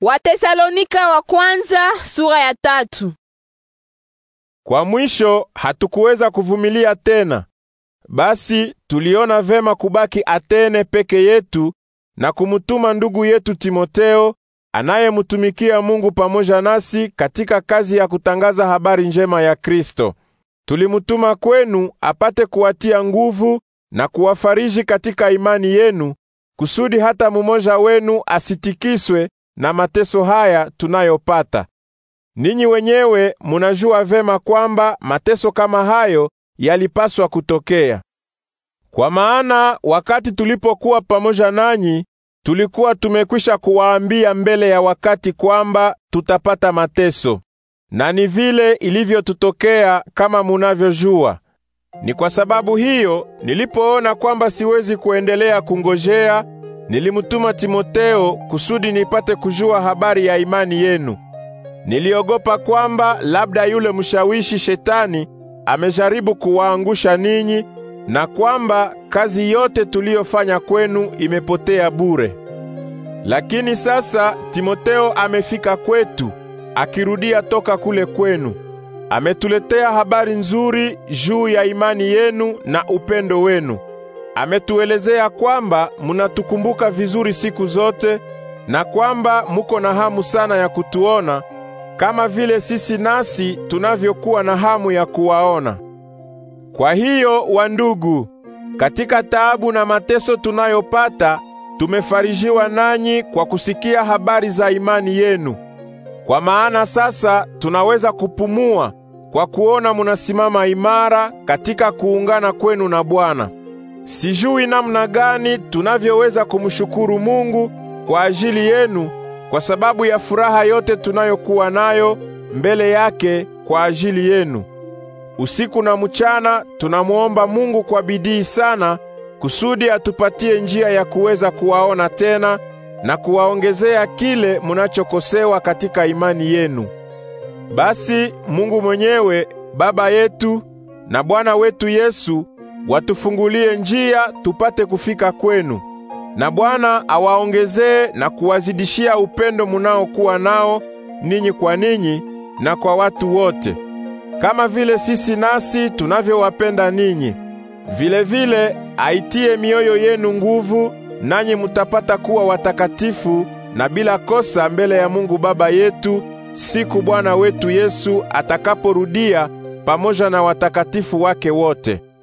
Watesalonika wa kwanza sura ya tatu. Kwa mwisho hatukuweza kuvumilia tena. Basi tuliona vema kubaki Atene peke yetu na kumutuma ndugu yetu Timoteo anayemtumikia Mungu pamoja nasi katika kazi ya kutangaza habari njema ya Kristo. Tulimutuma kwenu apate kuwatia nguvu na kuwafariji katika imani yenu kusudi hata mumoja wenu asitikiswe na mateso haya tunayopata. Ninyi wenyewe munajua vema kwamba mateso kama hayo yalipaswa kutokea. Kwa maana wakati tulipokuwa pamoja nanyi tulikuwa tumekwisha kuwaambia mbele ya wakati kwamba tutapata mateso, na ni vile ilivyotutokea kama munavyojua. Ni kwa sababu hiyo nilipoona kwamba siwezi kuendelea kungojea Nilimutuma Timoteo kusudi nipate kujua habari ya imani yenu. Niliogopa kwamba labda yule mshawishi shetani amejaribu kuwaangusha ninyi na kwamba kazi yote tuliyofanya kwenu imepotea bure. Lakini sasa Timoteo amefika kwetu akirudia toka kule kwenu. Ametuletea habari nzuri juu ya imani yenu na upendo wenu. Ametuelezea kwamba munatukumbuka vizuri siku zote na kwamba muko na hamu sana ya kutuona kama vile sisi nasi tunavyokuwa na hamu ya kuwaona. Kwa hiyo wandugu, katika taabu na mateso tunayopata, tumefarijiwa nanyi kwa kusikia habari za imani yenu. Kwa maana sasa tunaweza kupumua kwa kuona munasimama imara katika kuungana kwenu na Bwana. Sijui namna gani tunavyoweza kumshukuru Mungu kwa ajili yenu kwa sababu ya furaha yote tunayokuwa nayo mbele yake kwa ajili yenu. Usiku na mchana tunamwomba Mungu kwa bidii sana kusudi atupatie njia ya kuweza kuwaona tena na kuwaongezea kile munachokosewa katika imani yenu. Basi Mungu mwenyewe Baba yetu na Bwana wetu Yesu watufungulie njia tupate kufika kwenu, na Bwana awaongezee na kuwazidishia upendo munaokuwa nao ninyi kwa ninyi na kwa watu wote, kama vile sisi nasi tunavyowapenda ninyi. Vilevile aitie mioyo yenu nguvu, nanyi mutapata kuwa watakatifu na bila kosa mbele ya Mungu Baba yetu siku Bwana wetu Yesu atakaporudia pamoja na watakatifu wake wote.